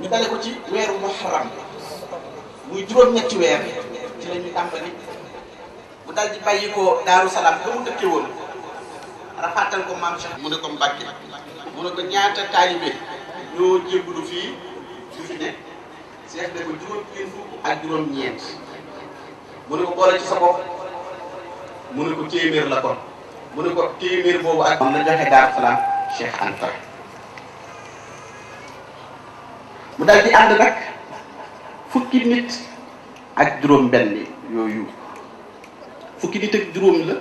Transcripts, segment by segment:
ñu dale ko ci weeru muharram muy juróom-ñetti weer ci ñu tàmbali bu dal di bàyyi ko daaru ba mu dëkkee woon rafaatal ko maam Cheikh mu ne ko Mbàkke mu ne ko ñaata taalibe ñoo jébbalu fii juróom ñeent mu ne ko boole ci sa bopp mu ne ko téeméer la kon mu ne ko téeméer boobu ak. am na joxe daaru salaam Cheikh Anta. dal di ànd nag fukki nit ak juróom benn yooyu fukki nit ak juróom la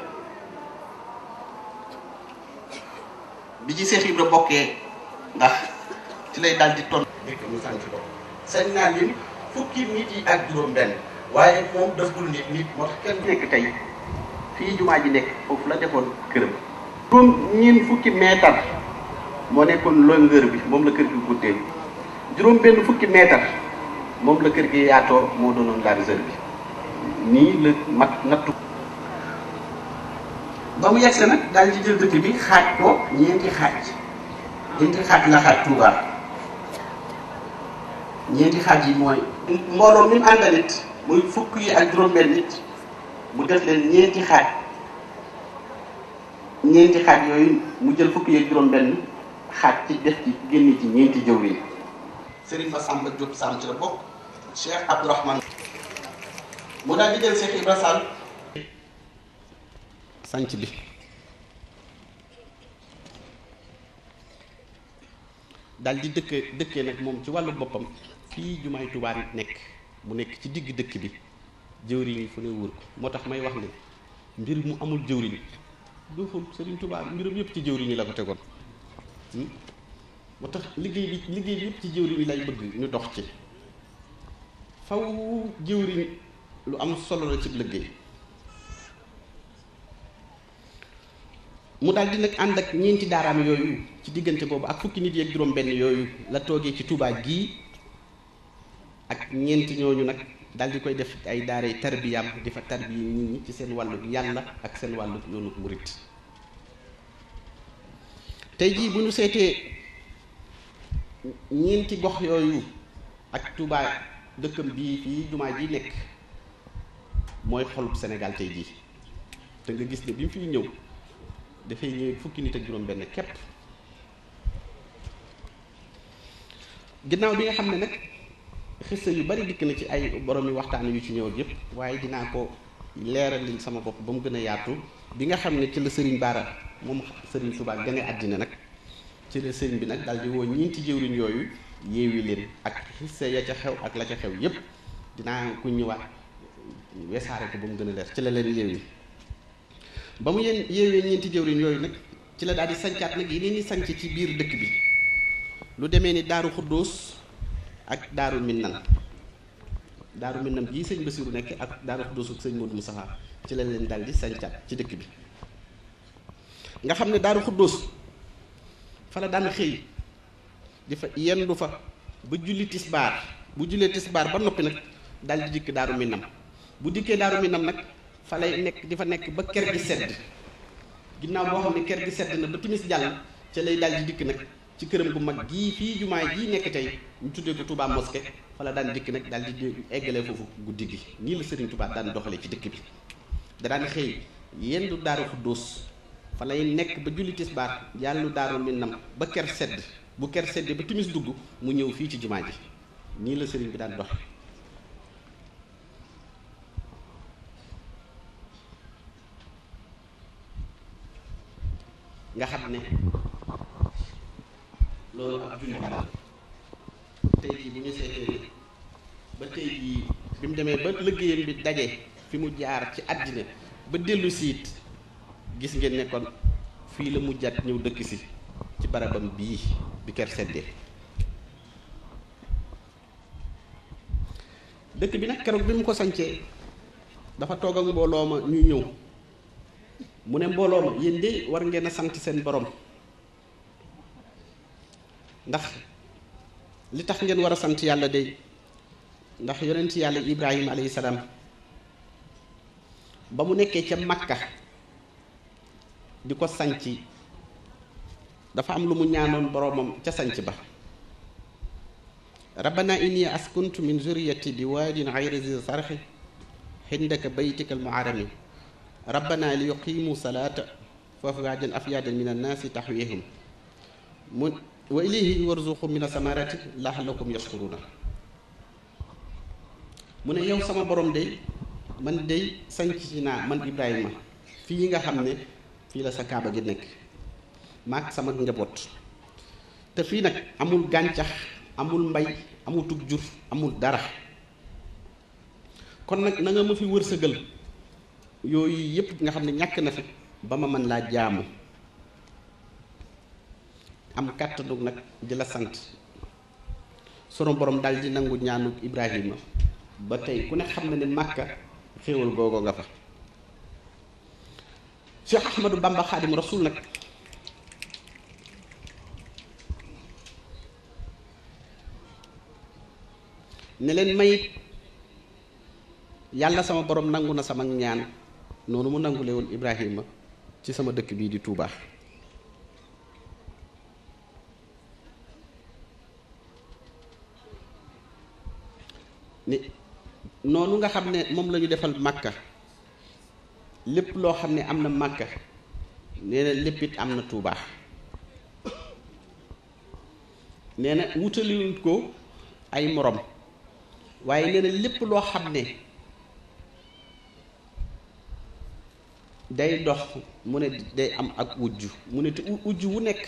bi ci Seex Ibra bokkee ndax ci lay daal di ton mu sànc ko sañ naa lim fukki nit yi ak juróom benn waaye moom deful nit nit moo tax kenn nekk tey fii jumaa ji nekk foofu la defoon këram juróom ñeent moo nekkoon longueur bi moom la kër gi guddee juróom benn fukki meetar moom la kër gi yaatoo moo doonoon la réserve bi nii la mat nattu ba mu yegse nag daal ci jël dëkk bi xaaj ko ñeenti xaaj ñeenti xaaj la xaaj Touba yi mooy mbooloo mi mu fukk yi ak juróom benn nit mu def leen yooyu mu jël fukk yi ak juróom benn xaaj ci def ci génn ci ñeenti jëwriñ sëriñ Massamba Diop Sam ci la bokk Cheikh Abdourahmane mu daal sanc bi daal di dëkke dëkkee nag moom ci wàllu boppam fii jumaay Tuubaa nekk mu nekk ci digg dëkk bi jëwriñ yi fu ne wër moo tax may wax ne mbir mu amul jëwriñ doxul Serigne Touba mbiram yëpp ci jëwriñ yi la ko tegoon hmm? moo tax liggéey bi liggéey bi yëpp ci jëwriñ yi lañ bëgg ñu dox ci faw jëwriñ lu am solo la ci liggéey mu daal di nag ànd ak ñeenti daaraam yooyu ci diggante boobu ak fukki nit yeeg juróom-benn yooyu la toogee ci tubaab gii ak ñeenti ñooñu nag daal di koy def ay daaray tarbiyaam di fa tarbiya nit ñi ci seen wàllu yàlla ak seen wàllu yoonu murit tey jii bu ñu seetee ñeenti gox yooyu ak tubaa dëkkam bii fii jumaa ji nekk mooy xolub Sénégal tey jii te nga gis ne bi mu fiy ñëw dafay fukki nit ak juróom-benn képp ginnaaw bi nga xam ne nag xista yu bari dikk na ci ay borom yi waxtaan yu ci ñëw yëpp waaye dinaa ko leeral liñ sama bopp ba mu gën a yaatu bi nga xam ne ci la Serigne Bara moom Serigne subaa gane àddina nag. ci bi nag daal di woo ñeenti jëwriñ yooyu yeewi leen ak xisse ya ca xew ak la ca xew yépp dinaa ku ñëwaat wesaare ko ba mu gën a leer ci la leen yeewi ba mu yéen yeewee ñeenti jëwriñ yooyu nag ci la daal di sancaat nag yeneen i ci biir dëkk bi lu demee ni daaru xuddoos ak daaru minnan daaru minnan bii sëñ Basiru nekk ak daaru xuddoos ak sëñ Modou Moussa ci la leen daal di sancaat ci dëkk bi nga xam ne daaru xuddoos fa la daan xëy di fa yendu fa ba julli tisbaar bu jullee tisbaar ba noppi nag daal di dikk daaru minam bu dikkee daaru minam nag fa lay nekk di fa nekk ba ker gi sedd ginnaaw boo xam ne ker gi sedd na ba timis jàll ca lay daal di dikk nag ci këram gu mag gii fii jumaa jii nekk tey ñu tuddee ko Touba mosquée fa la daan dikk nag daal di eggalee foofu guddi gi nii la Serigne Touba daan doxalee ci dëkk bi da daan xëy yendu daaru Xuddoos fa lay nekk ba julli tisbaar yàllu daaru minnam ba ker sedd bu ker sedd ba timis dugg mu ñëw fii ci jumaa ji nii la sëriñ bi daan dox nga xam ne loolu ab julli la tey jii bu ba tey jii bi mu demee ba liggéeyam bi daje fi mu jaar ci àddina ba dellu siit gis ngeen nekkoon kon fii la mujjaat ñëw dëkk si ci barabam bii bi ker seddee dëkk bi nag keroog bi mu ko sancee dafa toogal ak mbooloo ma ñuy ñëw mu ne mbooloom ma de war ngeen a sant seen boroom ndax li tax ngeen war a sant yàlla de ndax yonent yàlla Ibrahima alayhi salaam ba mu nekkee ca Makka. di ko sanc dafa am lu mu ñaanoon boroomam ca sanc ba rabbana inni askuntu min zuriyati bi waadin xayri zi sarxi xindaka baytika almuharami rabbana li yuqimu salaata foofu waajan afyaadan min annaasi taxwihum mu wa ilayhi warzuqu min asamarati laxalakum yaskuruna mu ne yow sama borom day man day sanc ci naa man ibrahima fii nga xam ne fii la sa kaaba gi nekk maag sama njaboot te fii nag amul gàncax amul mbay amutug tug jur amul dara kon nag na nga ma fi wërsëgal yooyu yépp nga xam ne ñàkk na fi ba ma mën laa jaamu am kàttanu nag di sant sunu borom dal di nangu ñaanu Ibrahima ba tey ku ne xam na ne màkka xéewal googu nga fa Cheikh Ahmadou Bamba Xaadim Rasul nag ne leen mayit yàlla sama boroom nangu na sama ñaan noonu mu nangule woon Ibrahima ci sama dëkk bii di Touba ni noonu nga xam ne moom lañu defal Makka lépp loo xam ne am na màkka nee na lépp it am na tuubaa nee na wutaliwuñ ko ay morom waaye nee na lépp loo xam ne day dox mu ne day am ak wujj mu ne te wujj wu nekk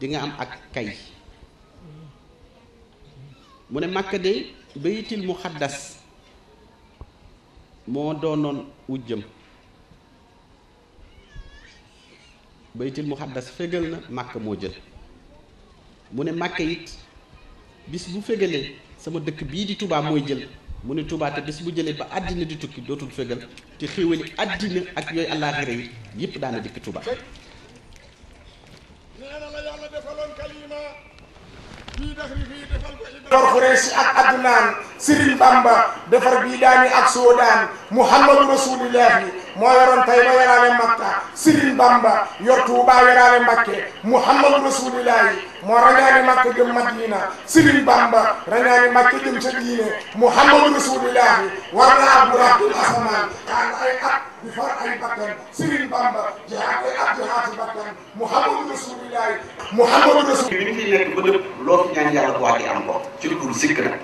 di nga am ak kay mu ne màkka de bayitil muxaddas moo doonoon wujjam بيت المقدس فجلنا مكة موجل من مكة يت بس بو فجل سما دك بيدي توبا موجل من توبا تبس بو جل بعدين دي توك دو تون فجل تخيول أدين أكوي الله غير يب دانا دك توبا torxoreesi ak adunaan sirin bamba defar bii daani ak soodaan muhammadu rasulillah yi moo yoroon Tayba yaraale Makka Serigne Bamba yor Touba yaraale Mbakke Muhammadu Rasulillahi moo rañaane Makka jëm Madina Serigne Bamba rañaane Makka jëm ca diine Muhammadu Rasulillahi war naa bu rafetlu asamaan kaan ay at di far ay bakkan Serigne Bamba jihaat ay at jihaati bakkan Muhammadu Rasulillahi Muhammadu Rasulillahi bi ñu ciy yegg ba dëpp loo fi ñaan yàlla waa ji am ko ci lu dul sikk nag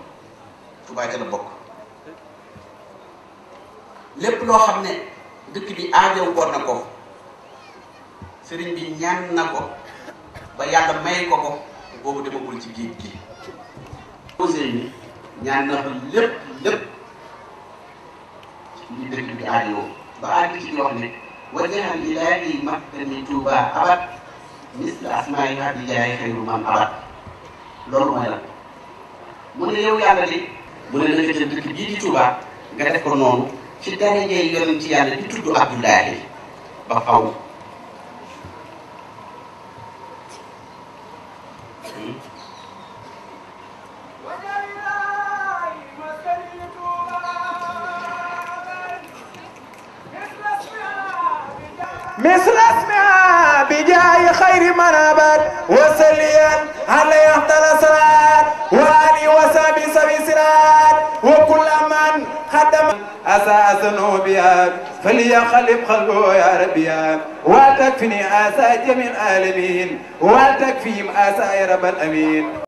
Touba ca la bokk lépp loo xam ne dëkk bi aajow woon na ko sëriñ bi ñaan na ko ba yàlla may ko ko boobu demagul ci géej gi Ousseynou ñaan na ko lépp lépp ci dëkk bi aajowoo ba àgg ci wax ne wajaxal ilaahi maktani tuuba abat misla asmaayi abdillahi xayru man abat loolu mooy la mu ne yow yàlla de bu na nga jël dëkk bii di tuuba nga def ko noonu ci darajey yonent yàlla di tudd Abdullahi ba faw مثل اسمها بجاه خير من أبد وسلي لي خلي بخلقه يا ربي والتكفني آسى جميع العالمين والتكفيهم آسى يا رب الأمين